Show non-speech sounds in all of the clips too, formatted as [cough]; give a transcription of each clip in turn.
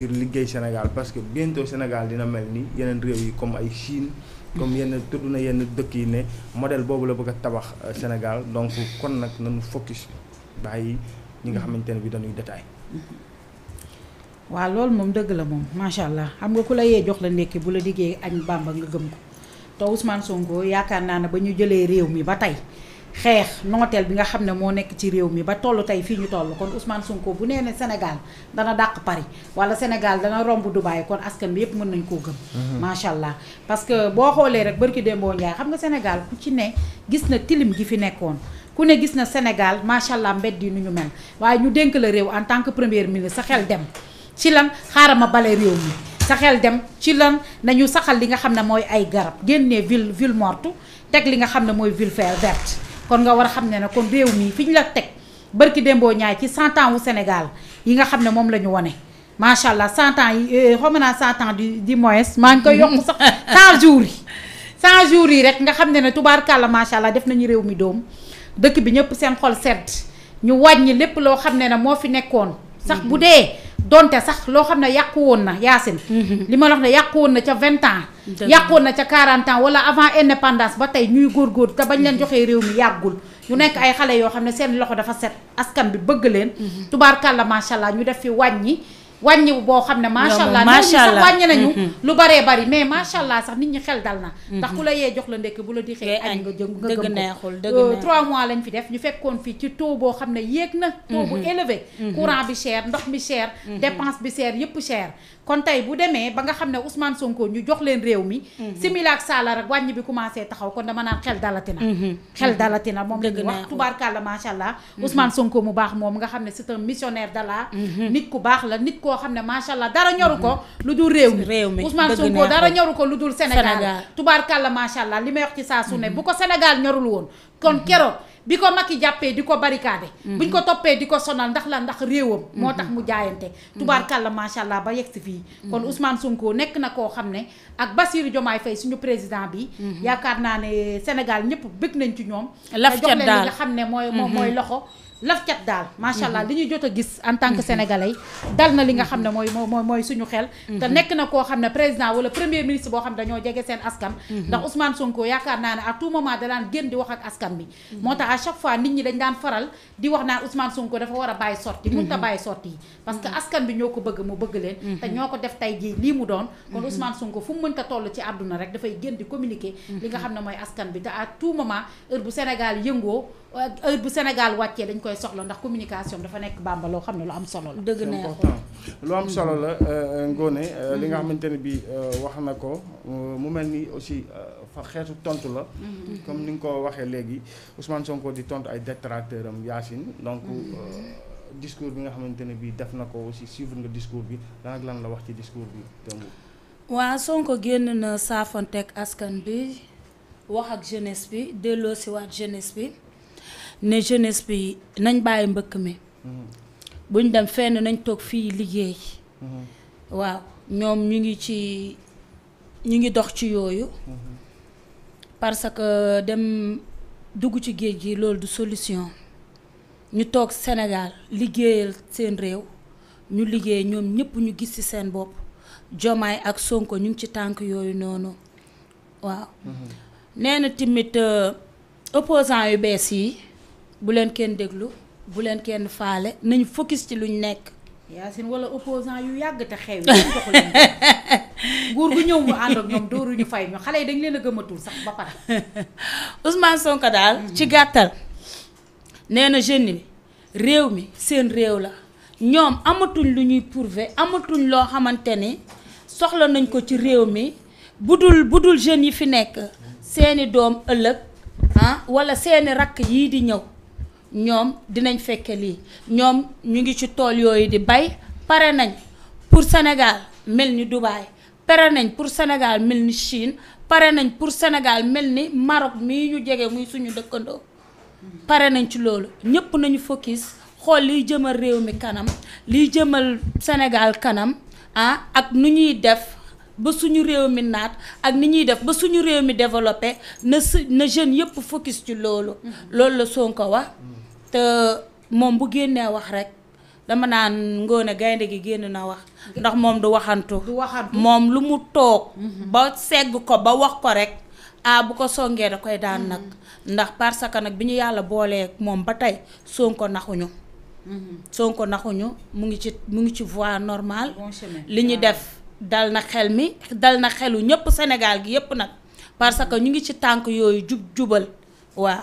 ngir liggéey Sénégal parce que bientôt Sénégal dina mel ni yeneen réew yi comme ay Chine comme yenn tudd na yenn dëkk yi ne modèle boobu la bëgg a tabax euh, Sénégal donc kon nag nañu focus bàyyi ñi nga xamante ne bi dañuy détail mm-hmm. waaw loolu moom dëgg la moom macha allah xam nga ku la yee jox la ndekki bu la diggee añ bàmba nga gëm ko te Ousmane Sonko yaakaar naa ne ba ñu jëlee réew mi ba tey xeex nooteel bi nga xam ne moo nekk ci réew mi ba toll tey fii ñu toll kon Ousmane Sonko bu nee ne Sénégal dana dàq Paris wala Sénégal dana romb du bàyyi kon askan bi yëpp mën nañ koo gëm mhm. macha allah parce que boo xoolee rek barki démboo Ndiaye xam nga Sénégal ku ci ne gis na tilim gi fi nekkoon ku ne gis na Sénégal macha allah mbedd yi nu ñu mel waaye ñu dénk la réew en tant que premier ministre sa xel dem ci lan xaaral ma bale réew mi sa xel dem ci lan nañu saxal li nga xam ne mooy ay garab génnee ville ville morte teg li nga xam ne mooy ville verte kon nga war a xam ne ne kon réew mi fi ñu la teg barki démboo ñaay ci cent ans wu Sénégal yi nga xam ne moom la ñu wane macha allah cent ans yi euh, xaw ma naa cent ans du du moins maa ngi ko yokk sax [laughs] cent jours yi cent jours yi rek nga xam ne ne tubaarkàlla macha allah def nañu réew mi doom dëkk bi ñëpp seen xol sedd ñu wàññi lépp loo xam ne ne moo fi nekkoon sax bu mm-hmm. dee donte sax loo xam ne yàqu woon na yaasin mhm. li ma la wax ne yàqu woon na ca vingt ans yàqu woon na ca quarante ans wala avant indépendance ba tey ñuy góorgóor te bañ leen mhm. joxee réew mi yàggul ñu nekk ay xale yoo xam ne seen loxo dafa set askan bi bëgg leen tubaab mhm. tubaarkàlla macha allah ñu def fi wàññi wàññi boo xam ne macha allah macha allah wàññi nañu mm-hmm. lu baree bari mais macha allah sax nit ñi xel dal na mm-hmm. ndax ku la yee jox la ndekk bu la di xëy añ nga jëm nga gëm euh, trois mois lañ fi def ñu fekkoon fii ci taux boo xam ne yéeg na mm-hmm. taux bu élevé courant bi cher ndox mi cher dépense bi cher yëpp cher kon tey bu demee ba nga xam ne Ousmane Sonko ñu jox leen réew mi simila ak saala rek wàññi bi commencé taxaw kon dama naan xel dalati na xel dalati na moom lañu wax tubaarkàlla macha allah Ousmane Sonko baax moom nga xam ne c'est un baax la nit koo xam ne macha allah dara ñoru ko mm-hmm. lu dul réew mi réew mi Ousmane Sonko dara ñoru ko lu dul Sénégal tubaarkàlla macha allah li may wax ci saa su ne mm-hmm. bu ko Sénégal ñorul woon kon mm-hmm. keroog bi ko Macky jàppee di ko bu buñ ko toppee di ko sonal ndax la ndax réewam moo tax mu jaayante tubaarkàlla macha allah ba yegg si fii kon Ousmane Sonko nekk na koo xam ne ak Bassirou Diomaye Faye suñu président bi yaakaar naa ne Sénégal ñëpp bëgg nañ ci ñoom jox leen li xam ne mooy moom mooy loxo laf cat daal macha allah mhm. li ñu jot a gis en tant que mhm. sénégalais dal na li nga xam ne mooy mooy mooy suñu xel. Mhm. te nekk na koo xam ne président wala premier ministre boo xam ne dañoo jege seen askan. ndax Ousmane Sonko yaakaar naa ne à tout moment da daan génn di wax ak nit ñi dañ daan faral di wax naan Ousmane Sonko dafa war a bàyyi sorti mënut a que askan ñoo ko bëgg mu bëgg leen. te ñoo ko def tey jii lii mu doon. kon Ousmane Sonko fu mu mënta toll ci àdduna rek dafay génn di communiquer. li nga xam ne mooy askan bi te à tout moment heure bu Sénégal yëngoo heure bu Sénégal wàccee dañ ko koy soxla ndax communication dafa nekk bàmba loo xam ne lu am solo la. dëgg na lu am solo la euh, euh, Ngone. Euh, mm-hmm. li nga xamante ne bii wax na ko mu mel ni aussi fa xeetu tontu la. Mm-hmm. comme ni nga ko waxee léegi Ousmane Sonko di tontu ay détracteur am Yacine donc. Mm-hmm. discours bi nga xamante ne bii def na ko aussi suivre nga discours bi lan ak lan la wax ci discours bi tënk. waaw Sonko génn na saafonteeg askan bi wax ak jeunesse bi delloo si waat jeunesse bi. ne jeunesse bi nañ bàyyi mbëkk mi mm-hmm. buñ dem fenn nañ toog fii liggéey mm-hmm. waaw ñoom ñu ngi ci ñu ngi dox ci yooyu mm-hmm. parce que dem dugg ci géej gi loolu du solution ñu toog Sénégal liggéeyal seen réew ñu liggéey ñoom ñëpp ñu gis ci seen bopp Jomaay ak Sonko ñu ngi ci tànk yooyu noonu waaw nee na tamit euh, yu bees yi bu leen kenn déglu bu leen kenn faale nañu fukki ci luñ nekk. yaasin wala opposant yu yàgg te xew [laughs] nguur gu ñëw mu ànd ak ñoom dooruñu fay ñu xale yi dañ leen a gëmatul sax ba pare. [laughs] Ousmane Sonko daal mm-hmm. ci gàttal nee na jeunes yi réew mi seen réew la ñoom amatuñ lu ñuy prouver amatuñ loo xamante ni soxla nañ ko ci réew mi bu budul budul jeunes yi fi nekk seeni doom ëllëg ah wala seeni rakk yii di ñëw. ñoom dinañ fekke lii ñoom ñu ngi ci tool yooyu di bay pare nañ pour Sénégal mel ni Dubaï pare nañ pour Sénégal mel ni Chine pare nañ pour Sénégal mel ni Maroc mii ñu jege muy suñu dëkkandoo pare nañ ci loolu ñëpp nañu focus xool liy jëmal réew mi kanam liy jëmal Sénégal kanam ah ak nu ñuy def ba suñu réew mi naat ak ni ñuy def ba suñu réew mi développé na na jeunes yëpp focus ci loolu mm-hmm. loolu la Sonko wax mm-hmm. te moom bu génnee wax rek dama naan ngoone gaynde gi génn na wax ndax moom du waxantu du waxantu moom lu mu toog mhm. ba segg ko ba wax ko rek ah bu ko songee da koy daan mhm. nag ndax parce que nag bi ñu yàlla boolee moom ba tey Sonko naxuñu mhm. Sonko naxuñu mu ngi ci mu ngi ci voie normale li ñu ah. def dal na xel mi dal na xelu ñëpp Sénégal gi yëpp nag parce que ñu ngi ci tànk yooyu jub jubal waa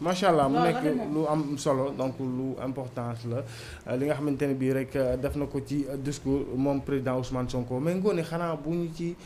macha allah mu nekk lu am solo donc lu importance la euh, li nga xamante ne bii rek euh, def na ko ci discours moom président Ousmane Sonko mais ngoone xanaa bu ñu ci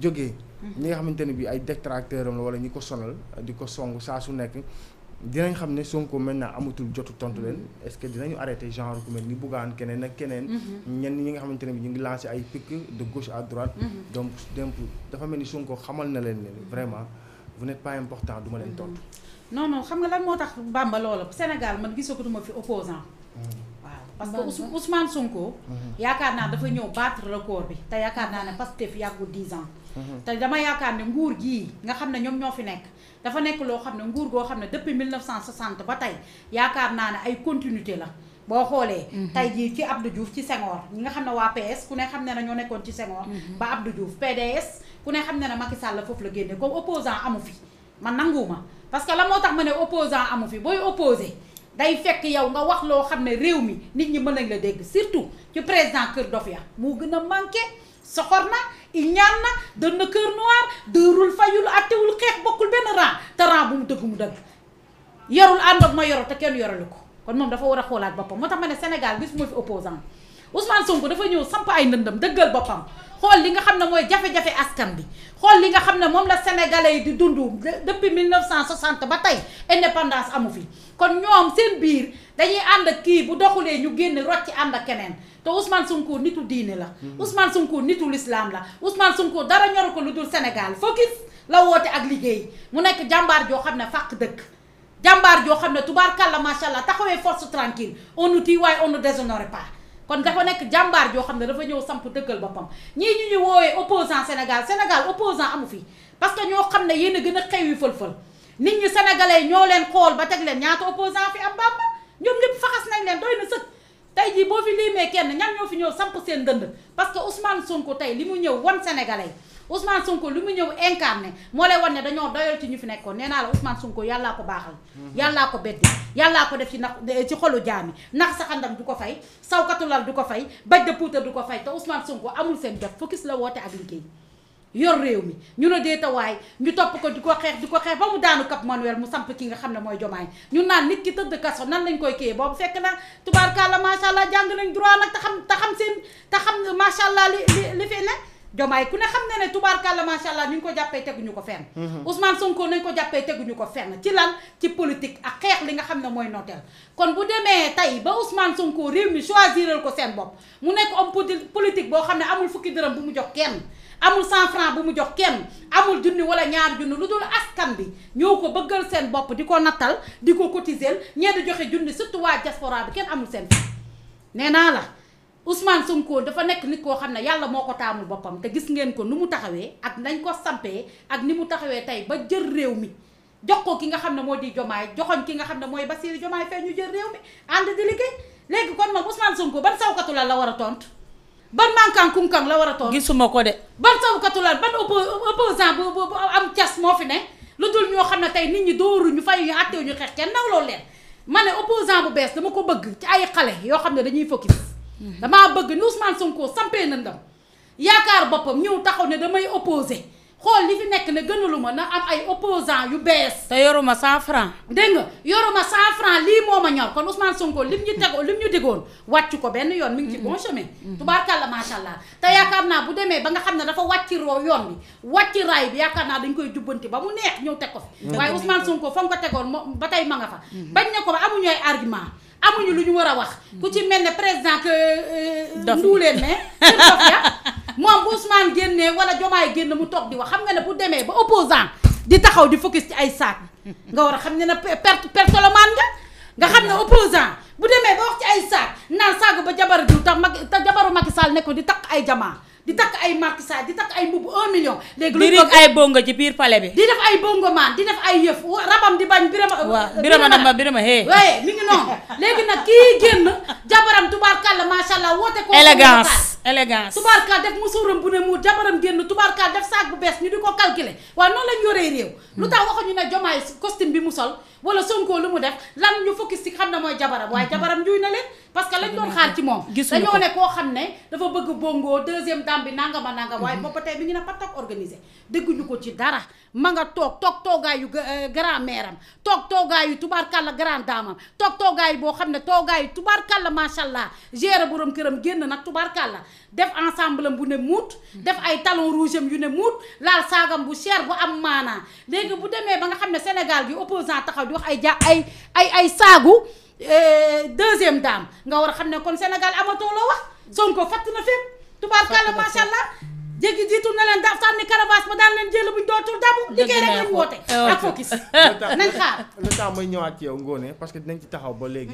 jógee. Hmm. ñi nga xamante ne bii ay détracteur am la wala ñi ko sonal euh, di ko song saa su nekk dinañ xam ne Sonko maintenant amatul jotu tontu leen hmm. est-ce que dinañu arrêté genre ku mel ni Bougane keneen ak keneen. ñenn ñi nga xamante ne bii ñu ngi lancé ay fikk de gauche à droite. donc démb dafa mel ni Sonko xamal na leen vraiment. vous n'êtes pas important du ma leen ton mm-hmm. non non xam nga lan moo tax Bamba loola Sénégal man gisatuma fi opposant mm-hmm. waaw parce que Ousmane Sonko. Mm-hmm. yaakaar naa dafa ñëw battre record bi te yaakaar naa ne Pastef yàggul 10 ans. te dama yaakaar ne nguur gi nga xam ne ñoom ñoo fi nekk dafa nekk loo xam ne nguur goo xam ne depuis 1960 ba tey yaakaar naa ne ay continuité la boo xoolee tey jii ci Abdou juuf ci Senghor ñi nga xam ne waa PS ku ne xam ne na ñoo nekkoon ci Senghor ba Abdou ku ne xam ne na Macky Sall la foofu la génne comme opposant amu fi man nanguuma parce que la moo tax ma ne opposant amu fi booy opposé day fekk yow nga wax loo xam ne réew mi nit ñi mën nañ la dégg surtout ci président Kër Dofia moo gën a manqué soxor na il ñaan na dën na cœur noir dërul fayul attewul xeex bokkul benn rang te rang bu mu dëgg mu dëgg yorul ànd ak ma yoro te kenn yoralu ko kon moom dafa war a xoolaat boppam moo tax ma ne Sénégal gis mu fi opposant Ousmane Sonko dafa ñëw samp ay ndëndam dëggal boppam xool li nga xam ne mooy jafe askan bi xool li nga xam ne moom la sénégalais yi di dund depuis 1960 ba tey indépendance amu fi kon ñoom seen biir dañuy ànd ak kii bu doxulee ñu génn rocc ànd ak keneen te Ousmane Sonko nitu diine la hmm. Ousmane Sonko nitu l'islam la Ousmane Sonko dara ñoru ko lu dul Sénégal focus la woote ak liggéey mu nekk jàmbaar joo xam ne fàq dëkk jàmbaar joo xam ne tubaarkàlla macha allah taxawee force tranquille on nous tue waaye on ne déshonore pas kon dafa nekk jàmbaar joo xam ne dafa ñëw samp dëggal boppam ñii ñu ñu woowee opposant Sénégal Sénégal opposant amu fi parce que ñoo xam ne yéen a gën a xew yi fël-fël nit ñi sénégalais ñoo leen xool ba teg leen ñaata opposant fi am bamba ñoom ñëpp faxas nañ leen doy na sëkk tey jii boo fi liimee kenn ñan ñoo fi ñëw samp seen dënd parce que Ousmane Sonko tey li mu ñëw wan Sénégalais Ousmane Sonko li mu ñëw incarné moo lay woon ne dañoo doyal ci ñu fi nekkoon nee naa la Ousmane Sonko yàllaa ko baaxal. Mhm. yàllaa ko beddi yàllaa ko def ci nax ci xolu jaami nax saxandam du ko fay sawkatulal du ko fay baj de puuta du ko fay te Ousmane Sonko amul seen jot focus la woote ak liggéey. yor réew mi ñu ne deetawaay ñu topp ko di ko xeex di ko xeex ba mu daanu Cap Manuel mu samp ki nga xam ne mooy jomaay ñu naan nit ki tëdd kaso nan lañ koy kiyee boobu fekk na tubaarkalla macha allah jàng nañ droit nag te xam te xam seen te xam macha allah li li li fi Diomaye ku ne xam na ne tubaarkàlla macha allah ni ñu ko jàppee teguñu ko fenn. Mhm. Ousmane Sonko nañ ko jàppee teguñu ko fenn ci lan ci politique ak xeex li nga xam ne mooy notteel kon bu demee tey ba Ousmane Sonko réew mi choisiral ko seen bopp mu nekk homme politique boo xam ne amul fukki dërëm bu mu jox kenn. amul cent franc bu mu jox kenn amul junni wala ñaar junni lu dul askan bi ñoo ko bëggal seen bopp di ko nattal di ko cotiser ñee di joxe junni surtout waa bi kenn amul seen nee naa la. Ousmane Sonko dafa nekk nit koo xam ne yàlla moo ko taamul boppam te gis ngeen ko nu mu taxawee ak nañ ko sampee ak ni mu taxawee tey ba jël réew mi jox ko ki nga xam ne moo di jomaay joxoñ ki nga xam ne mooy Bassirou Jomaay fee ñu jël réew mi ànd di liggéey léegi kon moom Ousmane Sonko ban sawkatu la la war a tontu ban mankan kunkan la war a tontu. gisuma ko de. ban sawkatu la ban opposant bu bu am cas moo fi ne lu dul ñoo xam ne tey nit ñi dóoruñu fay ñu xeex kenn nawloo leen ma ne opposant bu bees dama ko bëgg ci ay xale yoo xam ne dañuy focus. damaa bëgg ni Ousmane Sonko sampee na ndam yaakaar boppam ñëw taxaw ne damay opposé xool li fi nekk ne gënaluma na am ay opposant yu bees. te yoruma 100 francs dégg nga yoruma 100 francs lii moo ma ñor kon Ousmane Sonko lim ñu tegoo lim ñu digoon wàcc ko benn yoon mi ngi ci mm-hmm. bon chemin. tubaarkàlla macha allah te yaakaar naa bu demee ba nga xam ne dafa wàcc yoon bi wàcc raay bi yaakaar naa dañ koy jubbanti ba mu neex ñëw teg ko fi. Mm-hmm. waaye Ousmane Sonko fa nga tegoon moom ba tey ma nga fa. Mm-hmm. bañ ko ba amuñu ay amuñu lu ñu war a wax ku ci mel ne président que euh, nduuleen mais seen dof ya moom bu Ousmane génnee wala Jomaay génn mu toog di wax xam nga ne bu demee ba opposant di taxaw di focus ci ay saak nga war a xam ne na perte pertolomaan nga nga xam ne opposant bu demee ba wax ci ay saak naan saagu ba jabar diw tax Macky te jabaru Macky Sall nekk di taq ay jamaa di takk ay markisaay di takk ay mbubb un million. léegi lu ñu ay bongo ci biir palais bi. di def ay bongo maan di def ay yëf rabam di bañ. birama birama dama birama hee. waaye [laughs] mi ngi noonu léegi nag kii génn jabaram tubaarkàlla macha allah woote. ko élégance bu ne mu jabaram génn tubaarkaal def saag bu bees ñu di ko calculer waaye noonu lañ yoree réew hmm. lu tax waxuñu ne jomaay costume bi mu sol wala Sonko lu mu def lan ñu focus si xam na mooy jabaram waaye hmm. jabaram njuuy na leen parce que lañ doon xaar ci moom dañoo ne koo xam ne dafa bëgg bongo deuxième dame bi nangama nangam waaye mhm. boppa tey bi ngi ne patak organisé dégguñu ko ci dara ma nga toog toog toogaayu euh, grand mère am toog toogaayu tubaarkàlla grand dame am toog toogaay boo xam ne tubaar tubaarkàlla macha allah géré borom këram génn nag tubaarkàlla def ensemble am bu ne muut mhm. def ay talon rouge yu ne muut laal saagam bu cher bu am maanaa léegi bu demee ba nga xam ne Sénégal gi opposant taxaw di wax ay ja ay ay ay saagu Euh, deuxième dame nga war a xam ne kon Sénégal amatoo la wax Sonko fatt na fépp tubaarkàlla macha allah jéggi jiitu na leen daaf sànni caravage ba daan leen jël buñ dootul dabu liggéey rek lañ woote eh, ak focus [laughs] nañ xaar le temps may ñëwaat ci yow Ngoné dinañ ci taxaw ba léegi